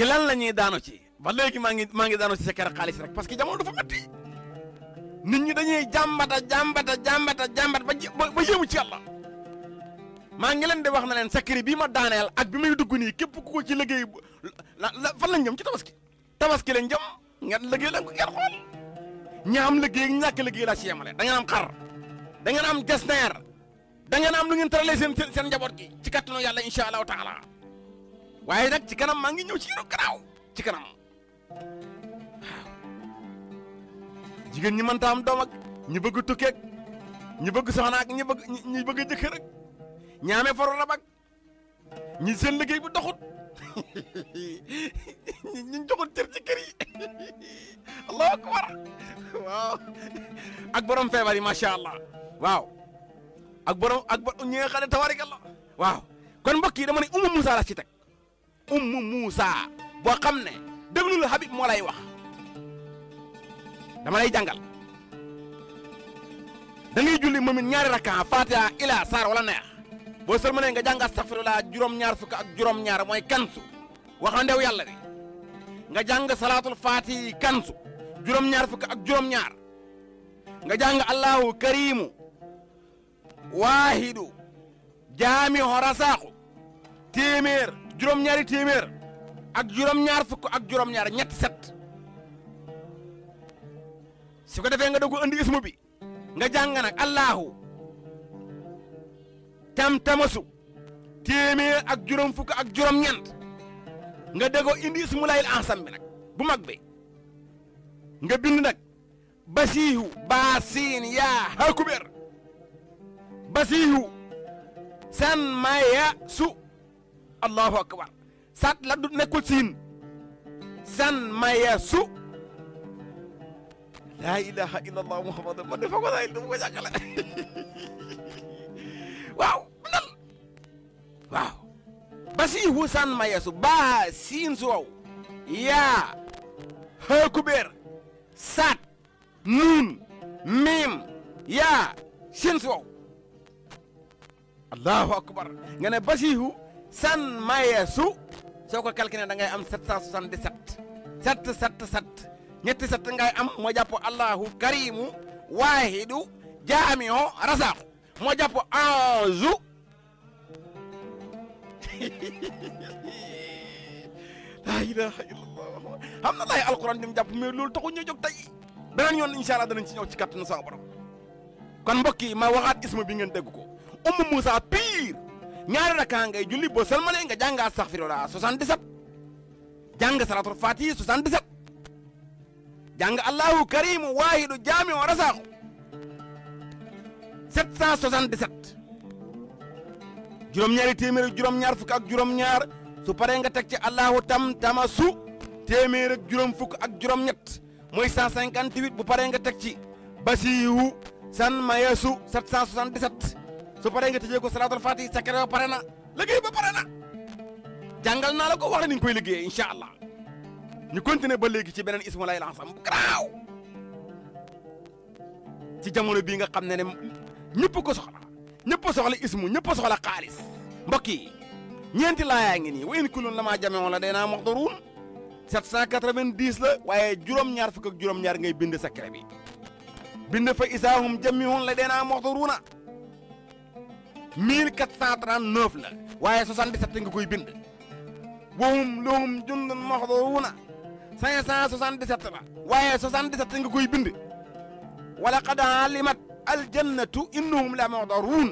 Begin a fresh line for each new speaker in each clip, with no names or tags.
ci lañi la daanu ci ba legi ma ngi ma ngi daanu ci sa kër xaalis rek parce que jamono dafa métti nit ñi dañuy jambata jambata jambata jàmbat ba ba yéemu ci yàlla ma ngi leen di wax na leen sa kër bi ma daanel ak bi may dugg ni kep ku ko ci liggey fa lañ ñëm ci tabaski tabaski lañ jëm nga liggey lañ ko ngeen xol ñaam liggey ñak liggey la ci yamale da ngeen am xar da ngeen am desneer da ngeen am lu ngeen tëralee seen seen njaboot gi ci kattanu yàlla incha allahu taala waye nak ci kanam ma ngi ñew ci yéen graw ci kanam jigen jigéen ñi mënta am doom ak ñi bëgg tukke ak ñi bëgg soxna ak ñi bëgg ñi bëgg jëkkër ak ñaame faru rab ak ñi seen liggéey bu doxut ñi ñu joxut cër ci kër yi allahu akbar waaw ak borom febar yi macha allah waaw ak borom ak ñi nga xam ne tawarikal waaw kon mbokk yi dama ne umu musa la ci tek Ummu Musa, bo xamne ne Habib mulai lay wax dama lay jangal da ngay julli momit ñaari rakka Fatiha ila sar wala neex boo sëlmane nga jang astaghfirullah juróom-ñaar fuk ak juróom-ñaar moy kansu waxandew yalla bi nga jang salatul fatihi kansu juróom-ñaar fuk ak juróom-ñaar nga jang allahu karimu wahidu, jami rasaaku timir. juróom-ñaari téeméer ak juróom-ñaar fukk ak juróom-ñaar ñetti set si ko defee nga dogu andi ismu bi nga jàng nag allahu tam-tamasu téeméer ak juróom fukk ak juróom-ñeent nga dégoo indi ismu layil ansam bi nag bu mag bi nga bind nag basiihu baasiin yaa hakuber basiihu san maya su allahu akbar saat la du nekkul siin san maya su laa ilaha illa allah muhammadu man dafa ko say du ma ko jàngale waaw nal waaw basiihu san maya su baa siin su yaa xaa saat nuun miim yaa siin su allahu akbar nga ne basiihu san mayesu su calculer da ngay am 777 777 ñetti sat ngay am mo japp allahu karimu wahidu jaamio razaq mo japp anju la ilaha illallah amna lay alquran dim japp me lol taxu ñu jog tay benen yon inshallah allah ci ñëw ci kàttanu sama borom kon mbokki ma waxat ismu bi ngeen dégg ko umm musa pi ñaari rakka ngay julli boo salmalee nga jàng astaghfirullah 77 jàng salatul fatihi 77 jàng allahu karimu waahidu jaami wa rasaaxu 777 juróom-ñaari téeméer ak juróom-ñaar fukk ak juróom-ñaar su paree nga teg ci allahu tam tama su téeméer ak juróom fukk ak juróom-ñett mooy 158 bu paree nga teg ci basiihu san mayasu 777 su paree nga tëjee ko salaatul faati sakare ba pare na liggéey ba pare na jàngal naa la ko wax na ni nga koy liggéeyee incha allah ñu continuer ba léegi ci beneen ismu laay lansam garaaw ci jamono bii nga xam ne ne ñëpp ko soxla ñëpp soxla ismu ñëpp soxla xaalis mbokk yi ñeenti laayaa ngi nii wa in kullun lamaa jameewoon la day naa muxdaruun 790 la waaye juróom-ñaar fukk ak juróom-ñaar ngay bind secret bi bind fa isaahum jamiun la 1439 la waaye 77 nga koy bind wowum lowum jundun maxduuna 577 la waaye 77 nga koy bind wala qad alimat aljannatu innahum la maxdaruun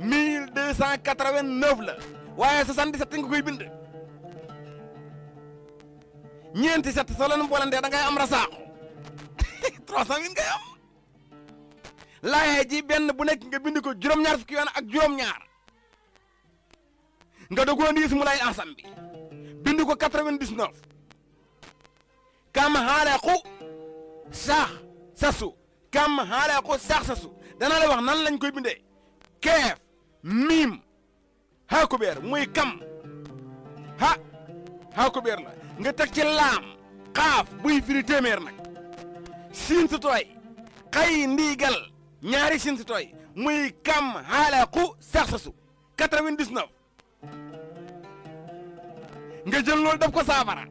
1289 la waaye 77 nga koy bind ñeenti set soo leen boolandee da ngay am rasaaxu 300000 ngay am laaya ji benn bu nekk nga bind ko juróom-ñaar fukki yoon ak juróom-ñaar nga dogoo ni ismu laay ansam bi bind ko 99 kam xaaleeku saax sasu kam xaaleeku saax sasu danaa la wax nan lañ koy bindee keef miim haa kubeer muy kam ha haa kubeer la nga teg ci laam xaaf buy firi téeméer nag siin su tooy xay ndiigal ñaari sintitoy muy kam xaalaaku saxsasu 99 nga jël loolu def ko saafara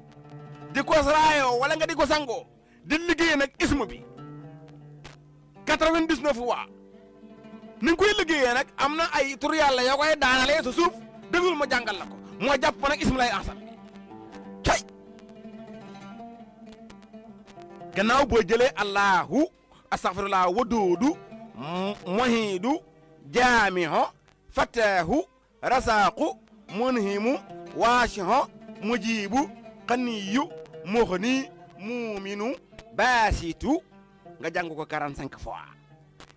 di ko raayoo wala nga di ko sangoo di liggéeye nag ismu bi 99 waa ni nga koy liggéeyee nag am na ay tur yàlla yoo koy daanalee sa suuf déglu ma jàngal la ko moo jàpp nag ismu lay ansam cay gannaaw boo jëlee allahu astaghfirullah wa doodu muhiidu jaamiho fataahu rasaqu munhimu waasiho mujiibu xaniyu muxni muuminu baasitu nga jàng ko 45 fois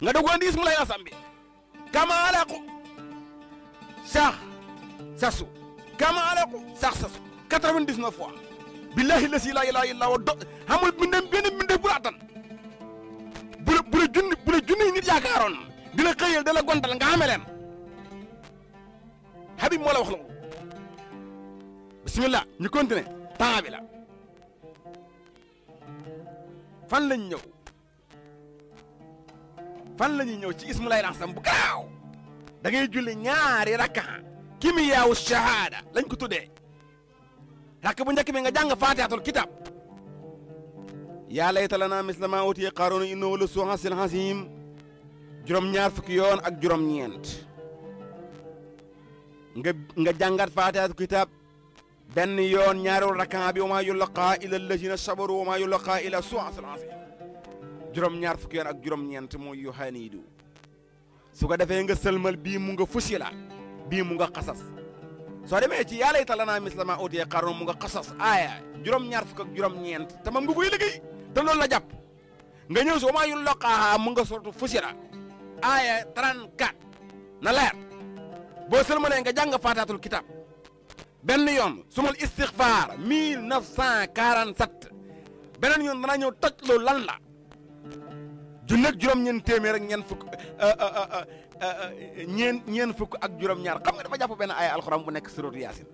nga dogo andi ismulahi asambi kama alaqu sax sasu kama alaqu sax sasu 99 fois billahi lasi la ilaha illa wa do xamul bindam benn bindam bu la attan bu la bu junni bu xëyal dala gontal nga amee leen Habib moo la wax loolu bismillah ñu continuer temps bi la fan lañ ñëw fan la ñuy ñëw ci ismu lay raxsam bu gaaw da ngay julli ñaari rakka kimiyaawu shahada lañ ko tuddee rakk bu njëkk bi nga jàng faatihatul kitab yaa layta lanaa misla maa utiya qaaroon innahu la suuhasil hasiim juróom-ñaar fukki yoon ak juróom-ñeent nga nga jàngat faatihaatu kitaab benn yoon ñaareelu rakkan bi wa maa yulaqaa illa allazina sabaru wa maa yulaqaa illa zu azrin aziim juróom-ñaar fukki yoon ak juróom-ñeent mooy yohaniidu su ko defee nga sëlmal bii mu nga fusila bii mu nga xasas soo demee ci yaa layta lanaa misla maa uutiya qaaruun mu nga xasas aaya juróom-ñaar fukk ak juróom-ñeent te moom nga koy liggéey te loolu la jàpp nga ñëw si wa maa yulaqaahaa mu nga sortu fusila aaya 34 na leer boo sëlmalee nga jàng faataatul kitab benn yoon sumal istixfaar 1947 beneen yoon danaa ñëw takk loolu lan la junni ak juróom ñeen téeméer ak ñeen fukk ñeen euh, euh, euh, ñeen fukk ak juróom-ñaar xam nga dafa jàpp benn aaya alxuraan bu nekk suratu yaasin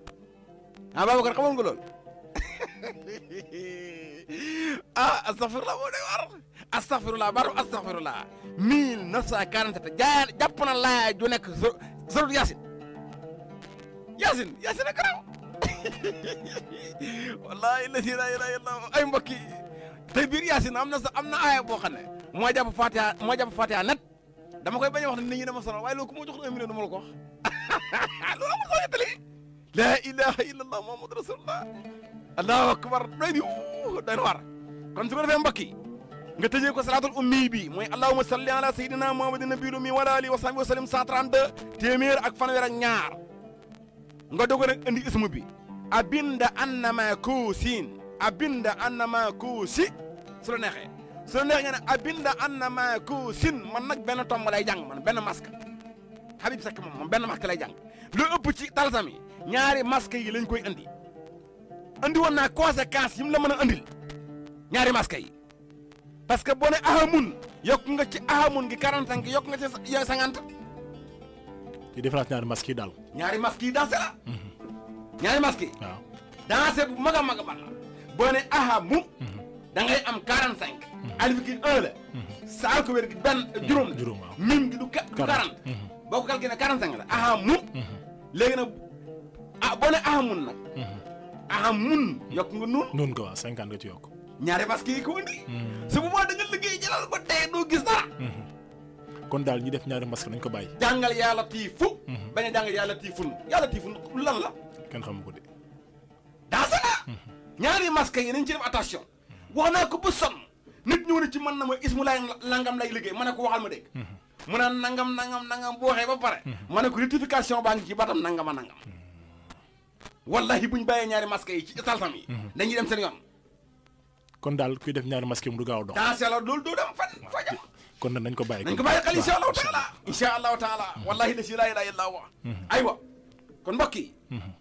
ah Babacar xamoon nga loolu ah astaxfirullah moo day war استغفر الله بارو استغفر الله 1947 جاب جابنا الله جو نيك زور ياسين ياسين ياسين كرام والله الذي لا اله الا الله اي مبكي تبير ياسين امنا امنا اي بو خنا مو جاب فاتيا مو جاب فاتيا نت دما كوي باني واخ ني ما صرا واي لو كو مو جوخ 1 مليون دما لو كو لا اله الا الله محمد رسول الله الله اكبر ديو دا كنت غير فين مبكي nga tëjee ko salaatul ummi bi mooy allahumma salli ala sayyidina muhammadin nabiyil ummi wa alihi wa sahbihi wa sallim 132 téeméer ak fanweer ak ñaar nga dogo nag indi ismu bi abinda annama kuusin abinda annama kuusi su la neexee su la neexee nga ne abinda annama kuusin man nag benn tomb lay jàng man benn masque Habib Seck moom moom benn masque lay loo lu ëpp ci talsam yi ñaari masque yi lañ koy indi andi woon naa conséquence yi mu la mën a andil ñaari masque yi parce que boo ne ahamun yokk nga ci ahamun gi 45 yok nga ci 50 ci différence ñaari masque dal ñaari masque dal c'est là mhm. ñaari masque yi waaw dansé bu mag a mag bal la ahamu mhm. da ngay am 45 mhm. alif gi 1 la sa ko wer gi ben juróom la min gi du 40 boo ko calculé 45 la ahamu léegi na ah boo ne ahamun nag ahamun yokk nga nun nun ko 50 nga ci yok ñaari masque yi ko indi. Hmm. su boobaa da nga liggéey jëlal ba tey doo gis dara. Hmm. kon daal ñu def ñaari masque nañ ko bàyyi. jàngal yàlla tiifu. Hmm. bañ a jàngal yàlla tiifun yàlla tiifun lan la. kenn xamu ko de. daa sala ñaari masque yi nañ ci def attention. wax naa ko ba sonn nit ñëw na ci man na ma is ismu laay nangam lay liggéey ma ne ko waxal ma dégg. mu naan nangam nangam nangam boo waxee ba pare. ma ne ko rectification baa ngi ci batam nangama nangam. wallahi buñ bàyyee ñaari masque yi ci saltam yi. dañuy dem seen yoon. kon daal kuy def ñaari masque mu du gaaw a dox. daa seetla loolu doo dem fan fajam. kon nag nañ ko bàyyi. nañ ko bàyyi xel incha la si laa ilaaha illa allah mm-hmm. aywa kon mbokk